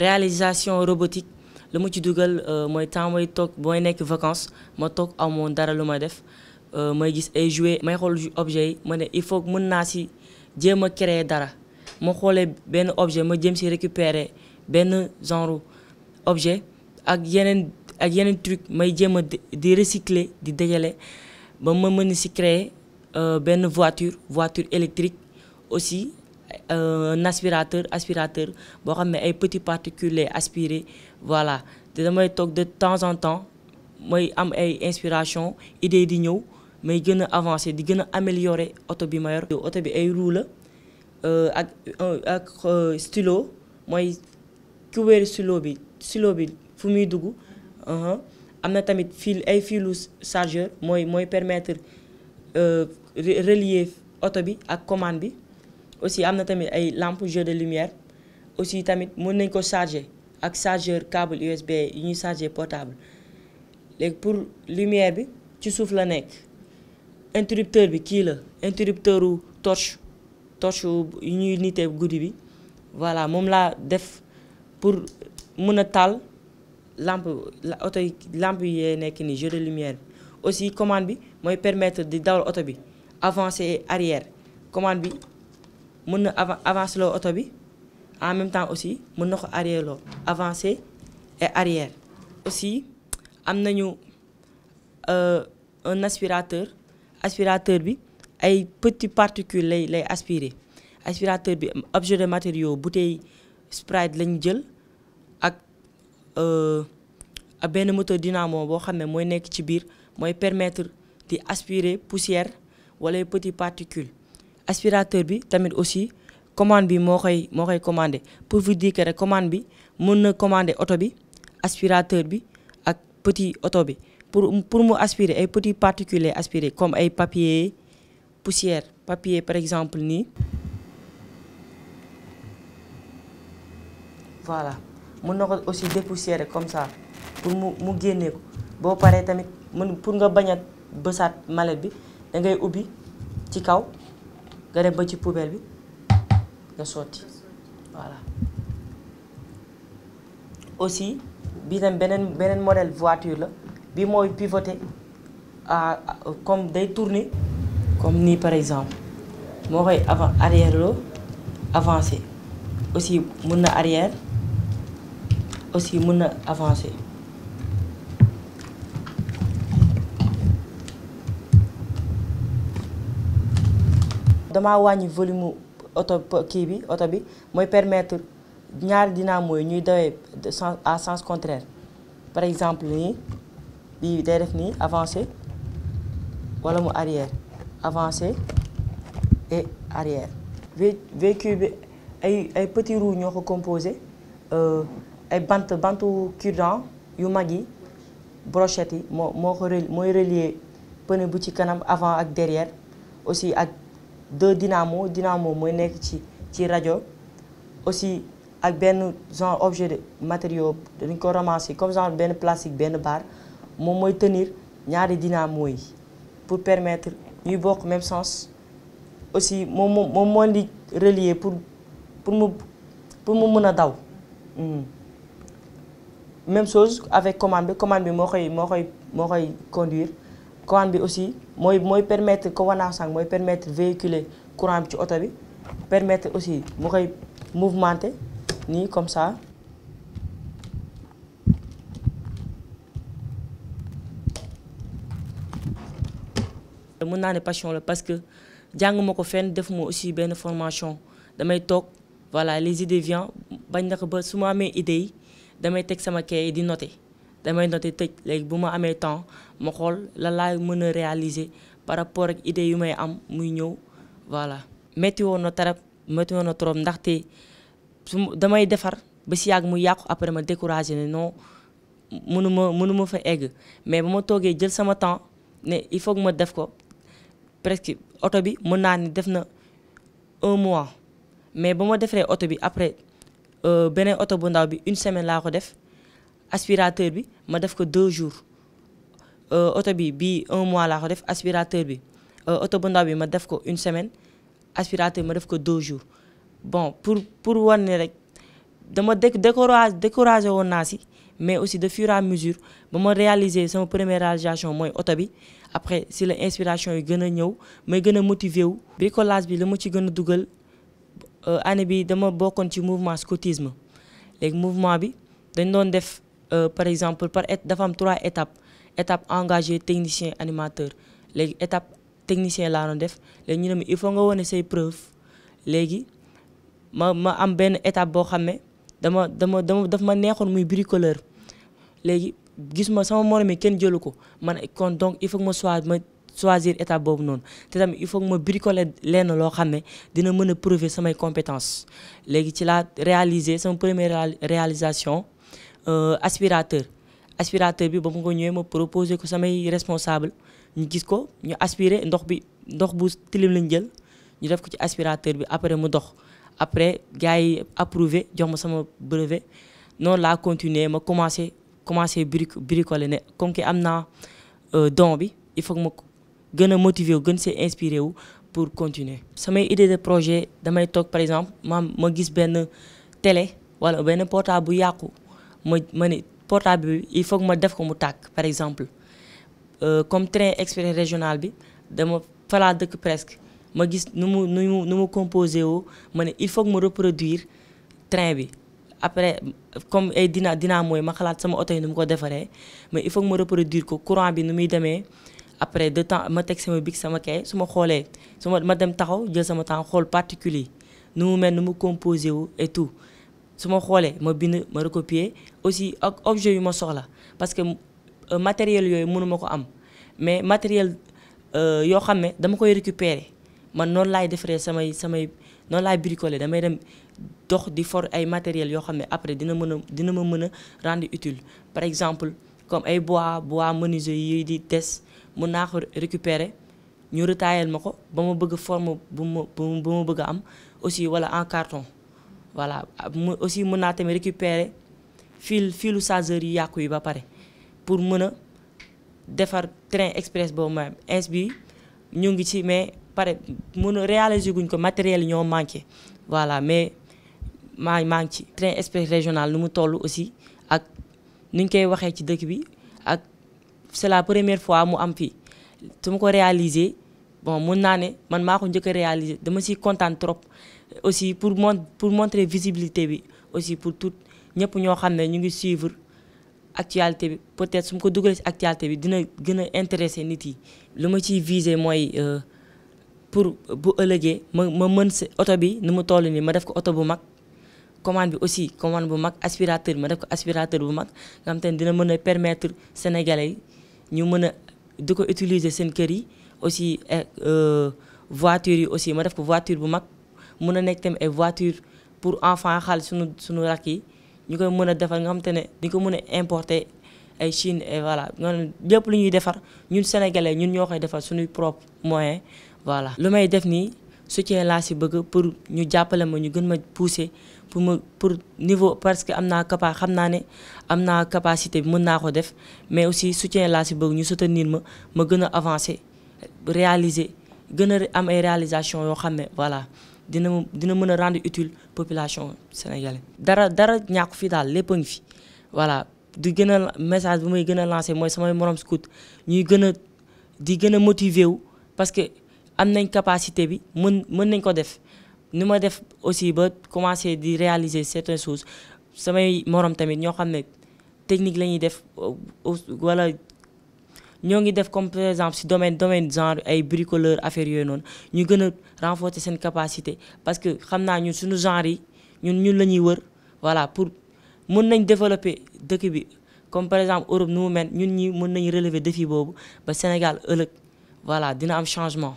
réalisation robotique Le ma ci dugal euh, mooy temps mooy toog booy nekk vacances ma toog amoon dara lu ma def euh, may gis ay jouet may xool objet yi il faut que naa si jéem créer dara ma xoolee benn objet ma jéem si récupérer ben genre objet ak yenen ak truc may jéem di recycler di dajale ba ma mën créer ben voiture voiture électrique aussi un aspirateur aspirateur pour xamné ay petits particules aspirer voilà te damay tok de temps en temps moy am ay inspiration idée di ñëw may gëna avancer di gëna améliorer auto bi mayor auto bi ay roue la euh, ak euh, ak euh, stylo moy kubéeru stylo bi stylo bi fu muy dugg euh uh-huh. amna tamit fil ay filou chargeur moy moy permettre relier auto bi ak commande bi aussi amna tamit ay lampe jeu de lumière aussi tamit mën nañ ko charger ak chargeur câble USB yi ñuy charger portable léegi pour lumière bi ci souf la nek interrupteur bi ki la interrupteur u torche torche yu ñuy nitee guddi bi voilà mom la def pour mën tal lampe la, auto lampe yi nek ni jeu de lumière aussi commande bi moy permettre di dawal auto bi avancer arrière commande bi mën na avancer loo bi en même temps aussi mën na ko arrière loo avancer et arrière. aussi am nañu euh, un aspirateur aspirateur bi ay petit particules lay lay aspirer aspirateur bi objet de matériaux bouteille Sprite lañu jël ak ak euh, benn moteur dynamo boo xam ne mooy nekk ci biir mooy permettre di aspirer poussière wala petits particules aspirateur bi tamit aussi commande bi moo koy moo koy commandé pour vous dire que rek commande bi mën na commandé oto bi aspirateur bi ak petit oto bi pour pour mu aspirer ay petit particules aspirer comme ay papier poussière papier par exemple nii voilà mën na ko aussi dépoussiérer comme ça pour mu mu génnee ko boo paree tamit mën pour nga bañ a bësaat mallette bi da ngay ubbi ci kaw nga dem ba ci poubelle bi nga voilà aussi bii tam beneen un modèle voiture la bi pivoter comme des tourner comme ni par exemple moo avant arrière loo avancer. aussi mën arrière aussi mën avancer. damaa wàññi volume de oto kii bi oto bi permettre ñaari dynamo yi ñuy dawee à sens contraire par exemple nii derrière ni, avancer, voilà mon wala mu arrière avancer et arrière. véhicule bi ay ay petit roue ñoo ko composé euh, ay bant bantu cure-dents yu mag brochette yi moo moo ko mooy relier pneu bu ci kanam avant ak derrière aussi ak deux dynamo dynamo moy nek ci ci radio aussi ak ben genre objet de matériaux dañ ko ramasser comme genre ben plastique ben barre mom moy tenir ñaari dynamo yi pour permettre ñu bok même sens aussi mom mom moo di relier pour pour mo pour mo meuna daw hmm. même chose avec commande bi commande bi mo xey mo xey mo xey conduire commande bi aussi mooy mooy permettre comme wanaa sànq mooy permettre véhiculer courant bi ci oto bi permettre aussi mu mouvementer ni comme ça mën naa ne passion la parce que jàng ma ko def ma aussi benn formation damay toog voilà les idées viennent bañ na ko ba su ma idée idées yi damay teg sama kay di noter damay noté tëj léegi buma amé temps ma xol la laay mën réaliser par rapport ak idée yu may am muy ñëw voilà. metti wono tarap metti wono woon na trop ndaxte su damay defar ba si yag mu yàqu après ma décourager né non mënuma mënuma fa ég mais bama togué jël sama temps ne il faut que ma def ko presque auto bi mëna ni ne def na un mois mais bama ma auto bi après euh, beneen auto bu ndaw bi une semaine la ko def aspirateur bi ma def ko deux jours auto euh, bi bi un mois la ko def aspirateur bi euh, oto bu ndaw bi ma def ko une semaine aspirateur ma def ko deux jours bon pour pour wone ne rek dama dé découragé découragé woon naa si mais aussi de fur et à mesure ba ma réaliser sama première réalisation moy auto bi après si la inspiration yi gëna ñëw may gën a motiver wu. bricolage bi lama ci gëna duggal euh, année bi dama bokkoon ci mouvement scoutisme léegi mouvement bi dañ doon def. Euh, par exemple par être a trois étapes étape engagée, technicien animateur l'étape étape technicien là, def il faut say preuve ma ma am ben étape boo bricoleur Je ma sama mi donc il faut que je choisir étape il faut que je bricoler lo xamé dina mëna a prouver samay réaliser première réalisation euh, aspirateur aspirateur bi ba mu ko ñëwee ko samay responsable ñu gis ko ñu aspiré ndox bi ndox bu tilim lañ jël ñu def ko ci aspirateur bi après mu dox après gars approuvé jox ma sama brevet Non, là, continuer ma commencé commencé bric bricoler comme que amn'a naa euh, don bi il faut que me gëna a motiver gën inspiré wu pour continuer. samay idée de projet damay tok par exemple m'a, ma gis ben, télé wala ben portable bu yàqu mon portable il faut que ma def ko mu tak par exemple euh, comme train express régional bi dama fala dëkk presque ma gis nu mu nu mu nu mu composé woo il faut que me reproduire train bi après comme ay eh, dina dinaa mooy ma xalaat sama auto yi nu ko defare mais il faut que me reproduire ko courant bi nu muy demee après de temps ma teg sama big sama kay su ma xoolee ma dem taxaw jël sama temps xool particulier nu mu mel nu mu composé et tout su xoolee ma bind ma parce que euh, matériel yooyu mais matériel yoo xam ne récupérer man samay samay bricoler dem dox di ay matériel après rendre utile par exemple comme ay bois bois yi di des mun naa ko récupérer ñu forme bu bu ma am aussi wala en carton voilà aussi mëna naa récupérer fil filu chargeur yi yàqu ba pare pour mëna défar defar train express bo ma SB ñu ngi ci mais pare mëna réaliser guñ ko matériel ñoo manqué voilà mais maa maa ci train express régional nu mu toll aussi ak nuñ koy waxé ci dëkk bi ak c'est la première fois mu am fi, tu ma ko réaliser bon mëna né man mako ñëk réaliser dama ci contente trop aussi pour mon pour montrer visibilité bi aussi pour tout ñëpp ñoo xam ñu ngi suivre actualité peut-être su ma ko dugalee ci actualité bi dina gën a intéresser nit yi. lu ma euh, pour bu ëllëgee ma ma mën sa oto bi nu mu ma ko bu mag commande bi aussi commande bu mag aspirateur ma def ko aspirateur bu mag nga xam ne dina mën permettre sénégalais ñu mën diko utiliser sen kër yi aussi eh, euh, voiture yi aussi ma def ko voiture bu mag mën a nekk tamit ay voiture pour enfant xaalis suñu suñu rak yi ñu koy mën a defar nga xam te ne di ko mën a importer ay Chine et voilà nga ne lépp lu ñuy defar ñun sénégalais ñun ñoo koy defar suñuy propre moyen voilà lu may def nii soutien laa si bëgg pour ñu jàppale ma ñu gën ma pousser pour ma pour niveau parce que am naa capa xam naa ne am naa capacité bi mën naa ko def mais aussi soutien laa si bëgg ñu soutenir ma ma gën a avancer réaliser gën a am ay réalisation yoo xam ne voilà dina dina mën a rendre utile population sénégalaise dara dara ñàkku fi daal lépp a ngi fi voilà di gën a message bu may gën a lancé mooy samay morom scout ñuy gën a di gën a motiver wu parce que am nañ capacité bi mën mën nañ ko def ni ma def aussi ba commencé di réaliser certaines choses samay morom tamit ñoo xam ne technique la ñuy def wala ñoo ngi def comme par exemple si domaine domaine genre ay bricoleur affaire yooyu noonu ñu gën a renforcer seen capacité parce que xam naa ñun suñu genre yi ñun ñun la ñuy wër voilà pour mën nañ développer dëkk bi comme par exemple Europe nu mu mel ñun ñi mën nañu relever défi boobu ba Sénégal ëllëg voilà dina am changement